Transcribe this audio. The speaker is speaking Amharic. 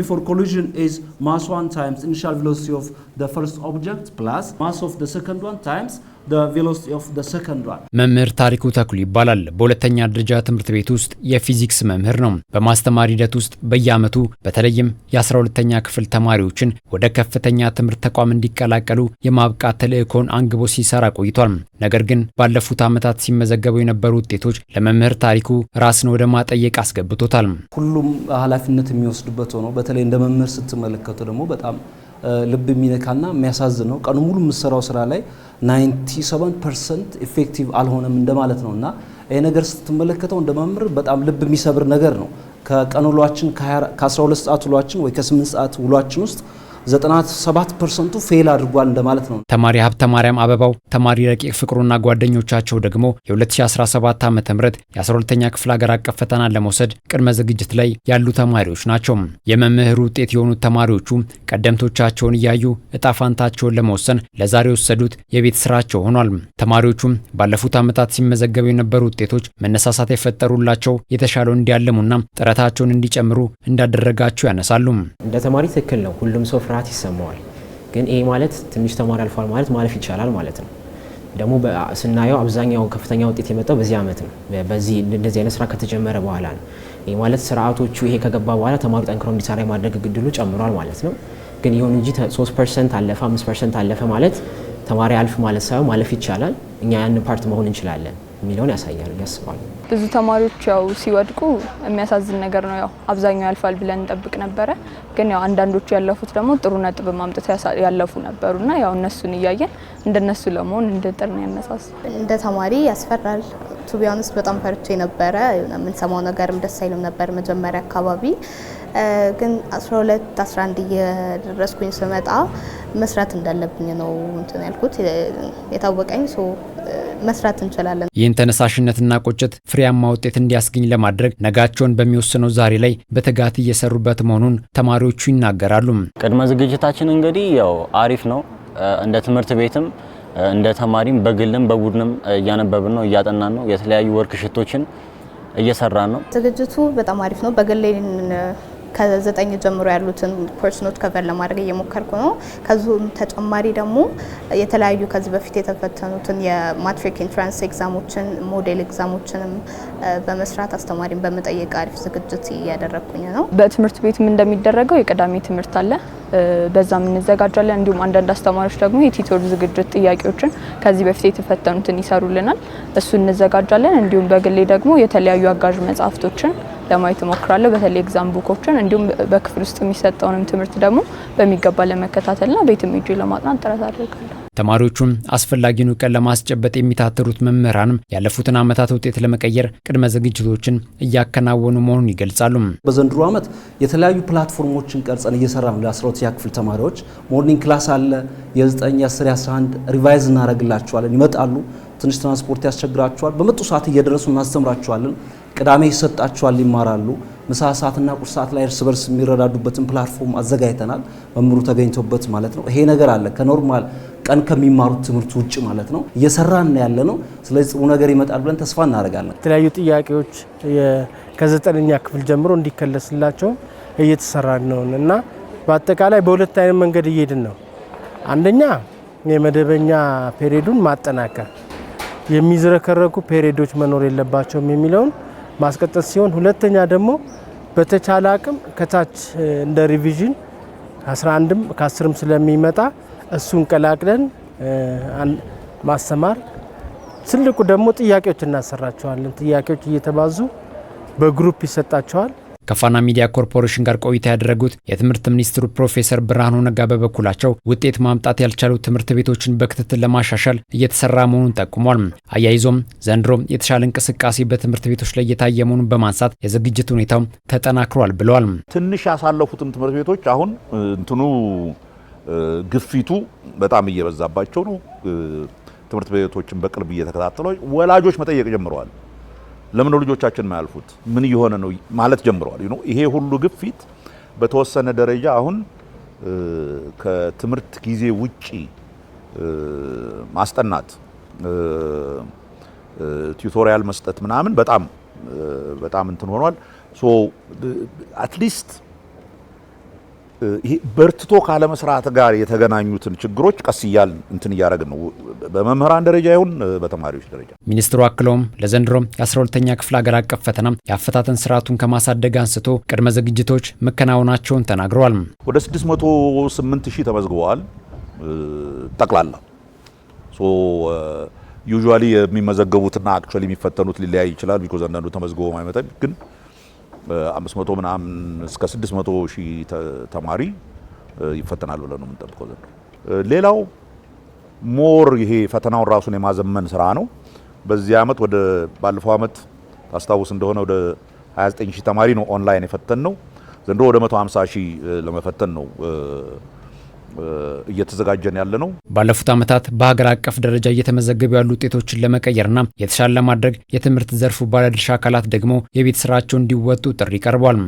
before collision is mass 1 times initial velocity of the first object plus mass of the second one times መምህር ታሪኩ ተክሉ ይባላል። በሁለተኛ ደረጃ ትምህርት ቤት ውስጥ የፊዚክስ መምህር ነው። በማስተማር ሂደት ውስጥ በየዓመቱ በተለይም የ12ተኛ ክፍል ተማሪዎችን ወደ ከፍተኛ ትምህርት ተቋም እንዲቀላቀሉ የማብቃት ተልእኮን አንግቦ ሲሰራ ቆይቷል። ነገር ግን ባለፉት ዓመታት ሲመዘገቡ የነበሩ ውጤቶች ለመምህር ታሪኩ ራስን ወደ ማጠየቅ አስገብቶታል። ሁሉም ኃላፊነት የሚወስድበት ሆኖ በተለይ እንደ መምህር ስትመለከቱ ደግሞ በጣም ልብ የሚነካና የሚያሳዝን ነው። ቀኑ ሙሉ የምሰራው ስራ ላይ 97 ፐርሰንት ኢፌክቲቭ አልሆነም እንደማለት ነው እና ይህ ነገር ስትመለከተው እንደመምር በጣም ልብ የሚሰብር ነገር ነው። ከቀን ውሏችን ከ12 ሰዓት ውሏችን ወይ ከ8 ሰዓት ውሏችን ውስጥ 97 ፐርሰንቱ ፌል አድርጓል እንደማለት ነው። ተማሪ ሀብተ ማርያም አበባው፣ ተማሪ ረቂቅ ፍቅሩና ጓደኞቻቸው ደግሞ የ2017 ዓ ም የ12ኛ ክፍል ሀገር አቀፍ ፈተናን ለመውሰድ ቅድመ ዝግጅት ላይ ያሉ ተማሪዎች ናቸው። የመምህር ውጤት የሆኑት ተማሪዎቹ ቀደምቶቻቸውን እያዩ እጣፋንታቸውን ለመወሰን ለዛሬ የወሰዱት የቤት ስራቸው ሆኗል። ተማሪዎቹም ባለፉት ዓመታት ሲመዘገቡ የነበሩ ውጤቶች መነሳሳት የፈጠሩላቸው የተሻለውን እንዲያለሙና ጥረታቸውን እንዲጨምሩ እንዳደረጋቸው ያነሳሉ። እንደ ተማሪ ትክክል ነው ሁሉም ሰው ፍርሃት ይሰማዋል። ግን ይሄ ማለት ትንሽ ተማሪ አልፏል ማለት ማለፍ ይቻላል ማለት ነው። ደግሞ ስናየው አብዛኛው ከፍተኛ ውጤት የመጣው በዚህ ዓመት ነው። በዚህ እንደዚህ አይነት ስራ ከተጀመረ በኋላ ነው። ይህ ማለት ስርዓቶቹ ይሄ ከገባ በኋላ ተማሪ ጠንክሮ እንዲሰራ የማድረግ ግድሉ ጨምሯል ማለት ነው። ግን ይሁን እንጂ 3 ፐርሰንት አለፈ 5 ፐርሰንት አለፈ ማለት ተማሪ አልፍ ማለት ሳይሆን ማለፍ ይቻላል። እኛ ያንን ፓርት መሆን እንችላለን። የሚለውን ያሳያል ያስባል። ብዙ ተማሪዎች ያው ሲወድቁ የሚያሳዝን ነገር ነው። ያው አብዛኛው ያልፋል ብለን እንጠብቅ ነበረ፣ ግን ያው አንዳንዶቹ ያለፉት ደግሞ ጥሩ ነጥብ ማምጠት ያለፉ ነበሩና ያው እነሱን እያየን እንደነሱ ለመሆን እንድጥር ነው ያነሳስ። እንደ ተማሪ ያስፈራል። ቱቢያንስ በጣም ፈርቼ ነበረ። የምንሰማው ነገርም ደስ አይልም ነበር መጀመሪያ አካባቢ ግን 12 11 እየደረስኩኝ ስመጣ መስራት እንዳለብኝ ነው እንትን ያልኩት የታወቀኝ ሶ መስራት እንችላለን። ይህን ተነሳሽነትና ቁጭት ፍሬያማ ውጤት እንዲያስገኝ ለማድረግ ነጋቸውን በሚወስነው ዛሬ ላይ በትጋት እየሰሩበት መሆኑን ተማሪዎቹ ይናገራሉ። ቅድመ ዝግጅታችን እንግዲህ ያው አሪፍ ነው። እንደ ትምህርት ቤትም እንደ ተማሪም በግልም በቡድንም እያነበብን ነው፣ እያጠናን ነው። የተለያዩ ወርክሽቶችን ሽቶችን እየሰራን ነው። ዝግጅቱ በጣም አሪፍ ነው። በግል ከዘጠኝ ጀምሮ ያሉትን ፐርሰኖች ከቨር ለማድረግ እየሞከርኩ ነው። ከዚሁም ተጨማሪ ደግሞ የተለያዩ ከዚህ በፊት የተፈተኑትን የማትሪክ ኢንትራንስ ኤግዛሞችን ሞዴል ኤግዛሞችንም በመስራት አስተማሪን በመጠየቅ አሪፍ ዝግጅት እያደረግኩኝ ነው። በትምህርት ቤትም እንደሚደረገው የቅዳሜ ትምህርት አለ። በዛም እንዘጋጃለን። እንዲሁም አንዳንድ አስተማሪዎች ደግሞ የቲቶር ዝግጅት ጥያቄዎችን ከዚህ በፊት የተፈተኑትን ይሰሩልናል። እሱ እንዘጋጃለን። እንዲሁም በግሌ ደግሞ የተለያዩ አጋዥ መጽሐፍቶችን ለማየት እሞክራለሁ። በተለይ ኤግዛም ቡኮችን እንዲሁም በክፍል ውስጥ የሚሰጠውንም ትምህርት ደግሞ በሚገባ ለመከታተልና ቤትም ሄጄ ለማጥናት ጥረት አድርጋለሁ። ተማሪዎቹም አስፈላጊውን እውቀት ለማስጨበጥ የሚታተሩት መምህራንም ያለፉትን ዓመታት ውጤት ለመቀየር ቅድመ ዝግጅቶችን እያከናወኑ መሆኑን ይገልጻሉ። በዘንድሮ ዓመት የተለያዩ ፕላትፎርሞችን ቀርጸን እየሰራን ለ12ኛ ክፍል ተማሪዎች ሞርኒንግ ክላስ አለ። የ9 10 11 ሪቫይዝ እናደርግላቸዋለን። ይመጣሉ ትንሽ ትራንስፖርት ያስቸግራቸዋል። በመጡ ሰዓት እየደረሱ እናስተምራቸዋለን። ቅዳሜ ይሰጣቸዋል፣ ይማራሉ። ምሳ ሰዓትና ቁርስ ሰዓት ላይ እርስ በርስ የሚረዳዱበትን ፕላትፎርም አዘጋጅተናል። መምሩ ተገኝቶበት ማለት ነው። ይሄ ነገር አለ ከኖርማል ቀን ከሚማሩት ትምህርት ውጭ ማለት ነው። እየሰራን ያለ ነው። ስለዚህ ጥሩ ነገር ይመጣል ብለን ተስፋ እናደርጋለን። የተለያዩ ጥያቄዎች ከዘጠነኛ ክፍል ጀምሮ እንዲከለስላቸው እየተሰራን ነው እና በአጠቃላይ በሁለት አይነት መንገድ እየሄድን ነው። አንደኛ የመደበኛ ፔሪዱን ማጠናከር የሚዝረከረኩ ፔሬዶች መኖር የለባቸውም የሚለውን ማስቀጠል ሲሆን፣ ሁለተኛ ደግሞ በተቻለ አቅም ከታች እንደ ሪቪዥን ከ11ም ከ10ም ስለሚመጣ እሱን ቀላቅለን ማሰማር። ትልቁ ደግሞ ጥያቄዎች እናሰራቸዋለን። ጥያቄዎች እየተባዙ በግሩፕ ይሰጣቸዋል። ከፋና ሚዲያ ኮርፖሬሽን ጋር ቆይታ ያደረጉት የትምህርት ሚኒስትሩ ፕሮፌሰር ብርሃኑ ነጋ በበኩላቸው ውጤት ማምጣት ያልቻሉ ትምህርት ቤቶችን በክትትል ለማሻሻል እየተሰራ መሆኑን ጠቁሟል። አያይዞም ዘንድሮ የተሻለ እንቅስቃሴ በትምህርት ቤቶች ላይ እየታየ መሆኑን በማንሳት የዝግጅት ሁኔታው ተጠናክሯል ብለዋል። ትንሽ ያሳለፉትም ትምህርት ቤቶች አሁን እንትኑ ግፊቱ በጣም እየበዛባቸው ነው። ትምህርት ቤቶችን በቅርብ እየተከታተሉ ወላጆች መጠየቅ ጀምረዋል። ለምን ልጆቻችን ማያልፉት ምን እየሆነ ነው ማለት ጀምረዋል። ይሄ ሁሉ ግፊት በተወሰነ ደረጃ አሁን ከትምህርት ጊዜ ውጪ ማስጠናት፣ ቲዩቶሪያል መስጠት ምናምን በጣም በጣም እንትን ሆኗል። ሶ አትሊስት በርትቶ ካለመስራት ጋር የተገናኙትን ችግሮች ቀስ እያል እንትን እያደረግን ነው፣ በመምህራን ደረጃ ይሁን በተማሪዎች ደረጃ። ሚኒስትሩ አክለውም ለዘንድሮም የ12ተኛ ክፍል ሀገር አቀፍ ፈተና የአፈታተን ስርዓቱን ከማሳደግ አንስቶ ቅድመ ዝግጅቶች መከናወናቸውን ተናግረዋል። ወደ 608 ሺህ ተመዝግበዋል ጠቅላላ። ዩዥዋሊ የሚመዘገቡትና አክቹዋሊ የሚፈተኑት ሊለያይ ይችላል። ቢኮዝ አንዳንዱ ተመዝግቦ ማይመጣ ግን መቶ ምናምን እስከ ስድስት መቶ ሺህ ተማሪ ይፈተናል ብለን ነው የምንጠብቀው ዘንድሮ። ሌላው ሞር ይሄ ፈተናውን ራሱን የማዘመን ስራ ነው። በዚህ አመት ወደ ባለፈው አመት ታስታውስ እንደሆነ ወደ 29 ሺህ ተማሪ ነው ኦንላይን የፈተን ነው። ዘንድሮ ወደ 150 ሺህ ለመፈተን ነው እየተዘጋጀን ያለ ነው። ባለፉት ዓመታት በሀገር አቀፍ ደረጃ እየተመዘገቡ ያሉ ውጤቶችን ለመቀየርና የተሻለ ለማድረግ የትምህርት ዘርፉ ባለድርሻ አካላት ደግሞ የቤት ስራቸው እንዲወጡ ጥሪ ቀርቧል።